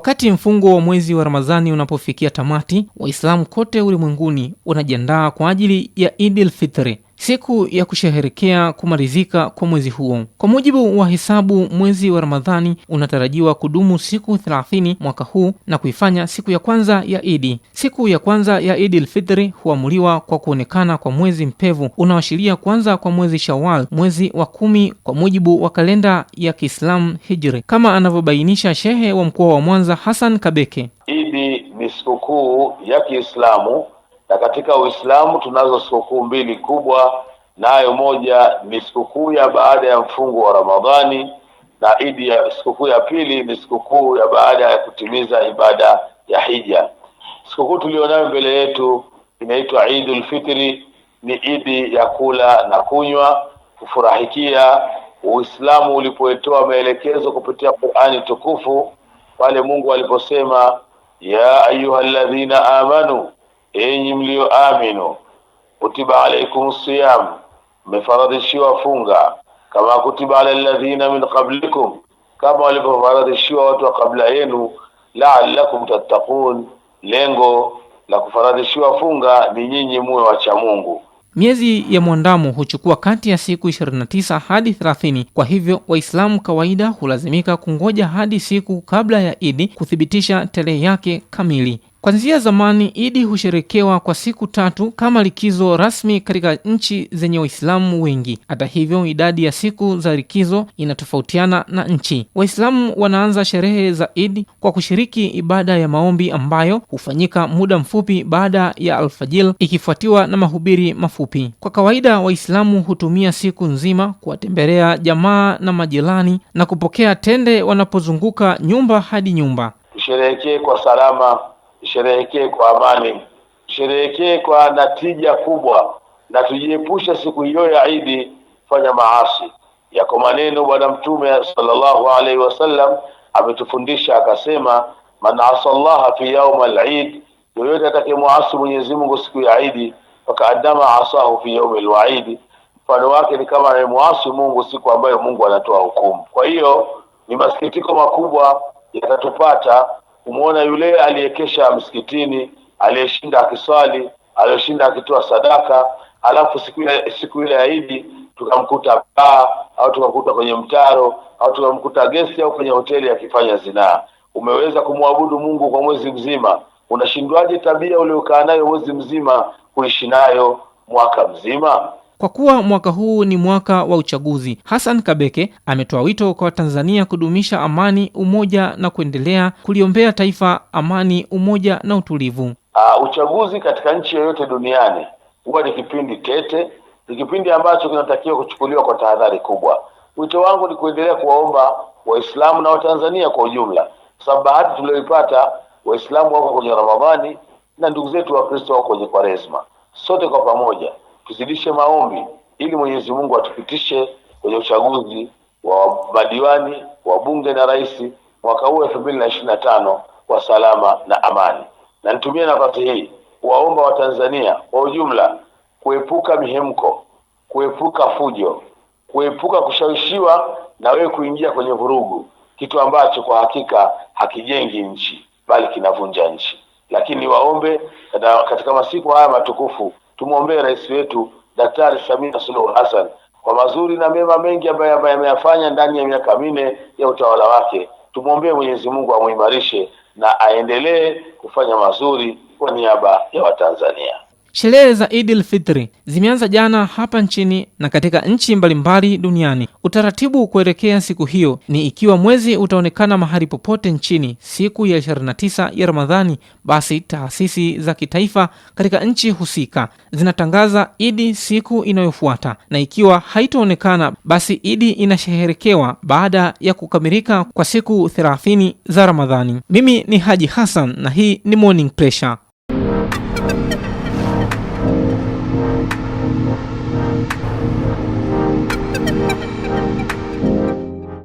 Wakati mfungo wa mwezi wa Ramadhani unapofikia tamati, Waislamu kote ulimwenguni wanajiandaa kwa ajili ya Idil Fitri siku ya kusheherekea kumalizika kwa mwezi huo. Kwa mujibu wa hesabu, mwezi wa Ramadhani unatarajiwa kudumu siku 30 mwaka huu na kuifanya siku ya kwanza ya Idi. Siku ya kwanza ya Idi lfitri huamuliwa kwa kuonekana kwa mwezi mpevu unaoashiria kwanza kwa mwezi Shawal, mwezi wa kumi kwa mujibu wa kalenda ya Kiislamu Hijri, kama anavyobainisha shehe wa mkoa wa Mwanza hasan Kabeke. Idi ni sikukuu ya Kiislamu na katika Uislamu tunazo sikukuu mbili kubwa, nayo na moja ni sikukuu ya baada ya mfungo wa Ramadhani na idi ya sikukuu ya pili ni sikukuu ya baada ya kutimiza ibada ya hija. Sikukuu tulionayo mbele yetu inaitwa Idul Fitri, ni idi ya kula na kunywa, kufurahikia Uislamu ulipoitoa maelekezo kupitia Qur'ani tukufu pale Mungu aliposema ya ayuha alladhina amanu nyinyi mliyoaminu kutiba alaikum siyam mmefaradhishiwa funga kama kutiba ala ladhina min qablikum kama walivyofaradhishiwa watu wa kabla yenu laalakum tattaqun lengo la kufaradhishiwa funga ni nyinyi muwe wacha mungu Miezi ya mwandamo huchukua kati ya siku 29 hadi 30. Kwa hivyo Waislamu kawaida hulazimika kungoja hadi siku kabla ya Idi kuthibitisha tarehe yake kamili kwanzia zamani Idi husherekewa kwa siku tatu kama likizo rasmi katika nchi zenye Waislamu wengi. Hata hivyo, idadi ya siku za likizo inatofautiana na nchi. Waislamu wanaanza sherehe za Idi kwa kushiriki ibada ya maombi ambayo hufanyika muda mfupi baada ya alfajil, ikifuatiwa na mahubiri mafupi. Kwa kawaida, Waislamu hutumia siku nzima kuwatembelea jamaa na majirani na kupokea tende wanapozunguka nyumba hadi nyumba. sherehekee kwa salama Sherehekee kwa amani, sherehekee kwa natija kubwa, na tujiepushe siku hiyo ya Idi kufanya maasi. Yako maneno Bwana Mtume sallallahu alaihi wasallam ametufundisha akasema, man asallaha fi yauma al-Eid, yoyote atakayemuasi Mwenyezi Mungu siku ya Idi, fakaannama asahu fi yaum al mfano wake ni kama anayemuasi Mungu siku ambayo Mungu anatoa hukumu. Kwa hiyo ni masikitiko makubwa yatatupata kumwona yule aliyekesha msikitini aliyeshinda akiswali aliyeshinda akitoa sadaka alafu siku ile siku ile ya Idi tukamkuta baa au tukamkuta kwenye mtaro au tukamkuta gesi au kwenye hoteli akifanya zinaa umeweza kumwabudu Mungu kwa mwezi mzima unashindwaje tabia uliokaa nayo mwezi mzima kuishi nayo mwaka mzima kwa kuwa mwaka huu ni mwaka wa uchaguzi, hasan Kabeke ametoa wito kwa Watanzania kudumisha amani, umoja na kuendelea kuliombea taifa amani, umoja na utulivu. Uh, uchaguzi katika nchi yoyote duniani huwa ni kipindi tete, ni kipindi ambacho kinatakiwa kuchukuliwa kwa tahadhari kubwa. Wito wangu ni kuendelea kuwaomba Waislamu na Watanzania kwa ujumla, kwa sababu bahati tulioipata, Waislamu wako kwenye Ramadhani na ndugu zetu Wakristo wako kwenye Kwaresma, sote kwa pamoja tuzidishe maombi ili Mwenyezi Mungu atupitishe kwenye uchaguzi wa madiwani wa bunge na rais mwaka huu elfu mbili na ishirini na tano kwa salama na amani. Na nitumie nafasi hii kuwaomba Watanzania kwa ujumla kuepuka mihemko, kuepuka fujo, kuepuka kushawishiwa na wewe kuingia kwenye vurugu, kitu ambacho kwa hakika hakijengi nchi bali kinavunja nchi. Lakini niwaombe katika masiku haya matukufu tumwombee rais wetu Daktari Samia Suluhu Hassan kwa mazuri na mema mengi ambayo ameyafanya ndani ya miaka minne ya utawala wake. Tumwombee Mwenyezi Mungu amuimarishe na aendelee kufanya mazuri kwa niaba ya Watanzania. Sherehe za Idil Fitri zimeanza jana hapa nchini na katika nchi mbalimbali duniani. Utaratibu kuelekea siku hiyo ni ikiwa mwezi utaonekana mahali popote nchini siku ya 29 ya Ramadhani, basi taasisi za kitaifa katika nchi husika zinatangaza Idi siku inayofuata, na ikiwa haitaonekana basi Idi inasheherekewa baada ya kukamilika kwa siku 30 za Ramadhani. Mimi ni Haji Hassan na hii ni Morning Pressure.